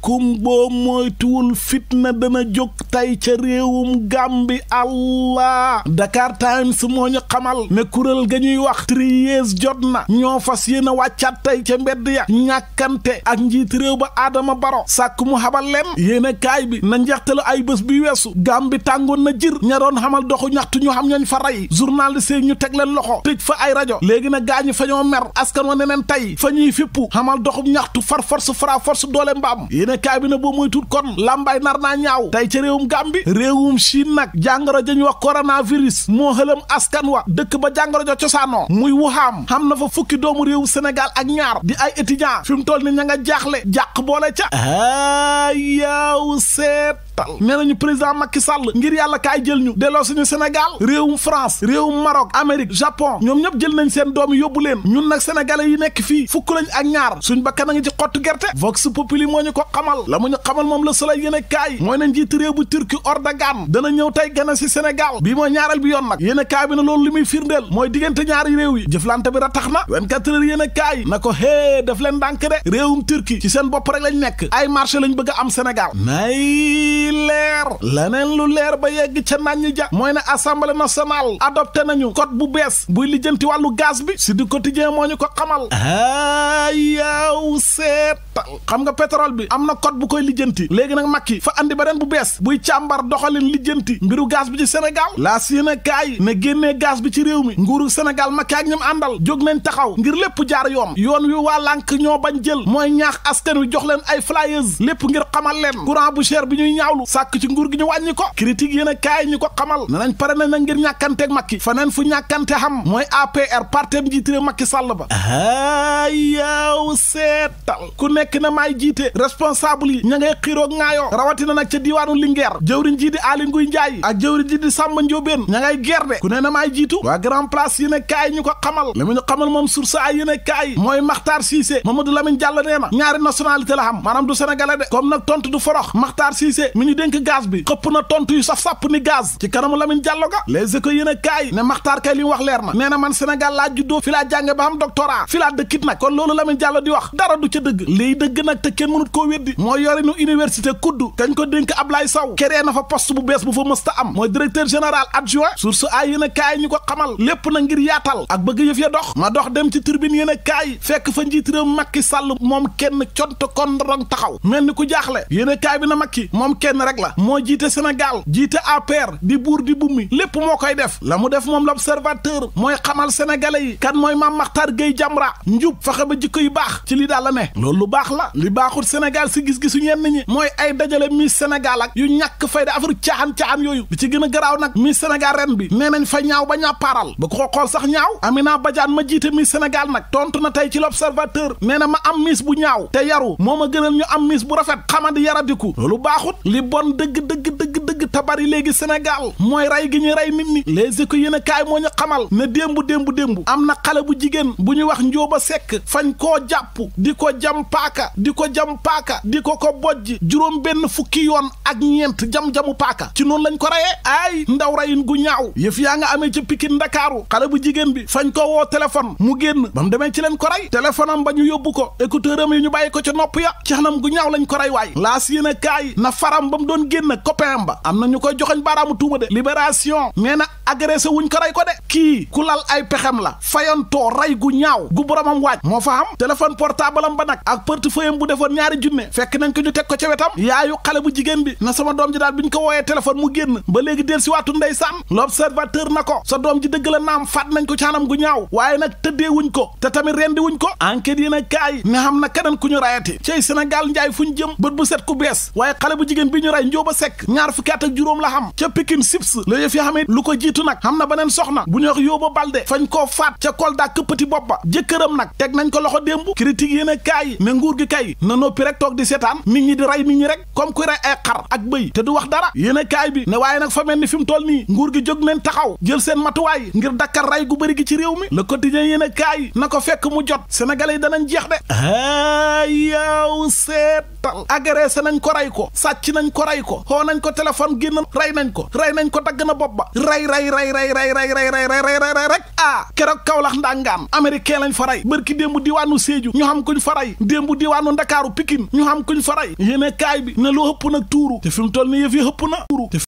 kumbo mooy tuwul fitna dana jog tey ca réewum Gàmbi allah Dakar Times moo ñu xamal ne kuréel ga ñuy wax yées jot na ñoo fas yéen a wàccaat tey ca mbedd ya ñàkkante ak njiit réew ba Adama Baro sàkk mu xabal leen yéen a kaay bi na njeextalu ay bés bi weesu Gàmbi tàngoon na jir ña doon xamal doxu ñaxtu ñu xam ñooñ fa rey journaliste yi ñu teg leen loxo tëj fa ay rajo léegi na gaañu fa ñoo mer askan wa neneen tey fa ñuy fippu xamal doxum ñaxtu far force fra force doole mbaam bi na boo moytuut kon làmbaay nar naa ñaaw tey réew réewum Gàmbi réewum Chine nag jàngoro ja ñu wax coronavirus moo xëlam askan wa dëkk ba jàngoro ja cosaanoo muy Wuhan xam na fa fukki doomu réew Sénégal ak ñaar di ay étudiant fi mu toll ni ña nga jaaxle jàq boole ca aa seet gàttal nee nañu président Macky Sall ngir yàlla kaay jël ñu delloo suñu Sénégal réewum France réewum Maroc Amérique Japon ñoom ñëpp jël nañ seen doom yóbbu leen ñun nag sénégalais yi nekk fii fukk lañ ak ñaar suñ bakkan a ngi ci xottu gerte vox populi moo ñu ko xamal la mu ñu xamal moom la Soleil yéen kaay mooy nañ jiitu réew bu Turki Erdogan dana ñëw tey gana si Sénégal bii mooy ñaareel bi yoon nag yéen kaay bi na loolu li muy firndeel mooy diggante ñaari réew yi jëflante bi ratax na 24 heures yéen kaay na ko hee daf leen dànk de réewum Turki ci seen bopp rek lañ nekk ay marché lañ bëgg am Sénégal di leer neen lu leer ba yegg ca nañu ja mooy ne assemblée nationale adopté nañu code bu bees buy lijjanti wàllu gaz bi si du quotidien moo ñu ko xamal ayaw seetal xam nga pétrole bi am na code bu koy lijjanti léegi nag Macky fa andi beneen bu bees buy càmbar doxalin lijjanti mbiru gaz bi ci Sénégal laa si ne kaay ne génnee gaz bi ci réew mi nguuru Sénégal Macky ak ñoom àndal jóg nañ taxaw ngir lépp jaar yoon yoon wi waa lànk ñoo bañ jël mooy ñaax askan wi jox leen ay flyers ñaawlu sàkk ci nguur gi ñu wàññi ko critique yéen a kaay ñu ko xamal ne nañ pare nañ ngir ñàkkanteeg Macky faneen fu ñàkkante xam mooy APR partem jiitire Macky Sall ba a yaaw seetal ku nekk na maay jiite responsable yi ña ngay xiiroog ŋaayoo rawatina nag ca diiwaanu Linguère jëwriñ ji di Aly Ngouille Ndiaye ak jëwriñ ji di Samba Ndiobène ña ngay gerde ku ne na maay jiitu waa grand place yéen a kaay ñu ko xamal la mu xamal moom source ay yéen a kaay mooy Makhtar Cissé Mamadou Lamine Diallo nee na ñaari nationalité la xam maanaam du sénégalais de comme mi ñu dénk gaz bi xëpp na tontu yu saf sàpp ni gaz ci kanamu Lamine Diallo ga les écoles yéen a kaay ne maxtaar kay li mu wax leer na nee na man Sénégal laa juddoo fi laa jànge ba xam doctorat fi laa dëkkit nag kon loolu Lamine Diallo di wax dara du ca dëgg liy dëgg nag te kenn mënut koo weddi mooy yorinu université kudd kañ ko dénk Ablaye saw créé na fa post bu bees bu fa mësta am mooy directeur général adjoint source a yéen a kaay ñu ko xamal lépp na ngir yaatal ak bëgg yëf ya dox ma dox dem ci turbine yéen a kaay fekk fa njiit réew Macky Sall moom kenn cont kon rong taxaw mel ni ku jaaxle yéen na Macky moom kenn rek la moo jiite Sénégal jiite APR di buur di bummi lépp moo koy def la mu def moom l'observateur mooy xamal sénégalais yi kan mooy maam Makhtar Gueye Jamra njub fexe ba jikko yu baax ci li daal la ne loolu lu baax la li baaxul Sénégal si gis-gisu ñenn ñi mooy ay dajale Miss Sénégal ak yu ñàkk fayda affaire caaxaan-caaxaan yooyu li ci gën a garaaw nag Miss Sénégal ren bi nee nañ fa ñaaw ba ñàppaaral ba ko xool sax ñaaw Amina Badiane ma jiite Miss Sénégal nag tontu na tey ci l'observateur nee na ma am miss bu ñaaw te yaru moo ma gënal ñu am miss bu rafet xamadi yaradiku loolu baaxut li bon dëgg dëgg dëgg te bari léegi Sénégal mooy rey gi ñu rey nit ñi les éco yéen a kaay moo ñu xamal ne démb démb démb am na xale bu jigéen bu ñuy wax njóoba sekk fañ koo jàpp di ko jam paaka di ko jam paaka di ko ko bojj juróom benn fukki yoon ak ñeent jam-jamu paaka ci noon lañ ko reyee ay ndaw reyin gu ñaaw yëf yaa nga amee ci Pikine Ndakaaru xale bu jigéen bi fañ koo woo téléphone mu génn ba demee ci leen ko rey téléphone ba ñu yóbbu ko écouteur am yi ñu bàyyi ko ci nopp ya ci xanam gu ñaaw lañ ko rey waay laas yéen a kaay na faram ba mu doon génn copain ba am am na ñu koy joxoñ baaraamu tuuma de libération nee na agressé wuñ ko rey ko de kii ku lal ay pexem la fayantoo rey gu ñaaw gu boromam waaj moo fa am téléphone portable am ba nag ak portefeuille am bu defoon ñaari junne fekk nañ ko ñu teg ko ca wetam yaayu xale bu jigéen bi na sama doom ji daal bi ñu ko wooyee téléphone mu génn ba léegi del si waatu ndeysaan l'observateur na ko sa doom ji dëgg la naam faat nañ ko caanam gu ñaaw waaye nag tëddee wuñ ko te tamit rendi wuñ ko enquête yi nag kaay ne xam na keneen ku ñu rayati cey Sénégal njaay jëm bët bu set ku waaye xale bu jigéen bi ñu ray njooba sekk ñaar fukki at ak juróom la xam ca Pikine Sips la yëf ya lu ko jiitu nag xam na beneen soxna bu ñu wax yóbba balde fañ koo faat ca Kolda këppati bopp ba jëkkëram nag teg nañ ko loxo démb critique yéen a kaay ne nguur gi kay na noppi rek toog di seetaan mi ñi di ray nit ñi rek comme ku rey ay xar ak bëy te du wax dara yéen a kaay bi ne waaye nag fa mel ni fi mu toll nii nguur gi jóg nañ taxaw jël seen matuwaay ngir dakkar rey gu bëri gi ci réew mi le quotidien yéen a kaay na ko fekk mu jot sénégalais yi danañ jeex de yow seetal agressé nañ ko rey ko sàcc nañ ko rey ko génn rey nañ ko rey nañ ko dagg na bopp ba rey rey rey rey rey rey rey rey rey rey rey rek ah keroog Kaolack ndangaan américain lañ fa rey bërki démbu diwaanu Sédhiou ñu xam kuñ fa rey démbu diwaanu Ndakaaru Pikine ñu xam kuñ fa rey yéene kaay bi ne lu hëpp nag tuuru te fi mu toll hëpp na tuuru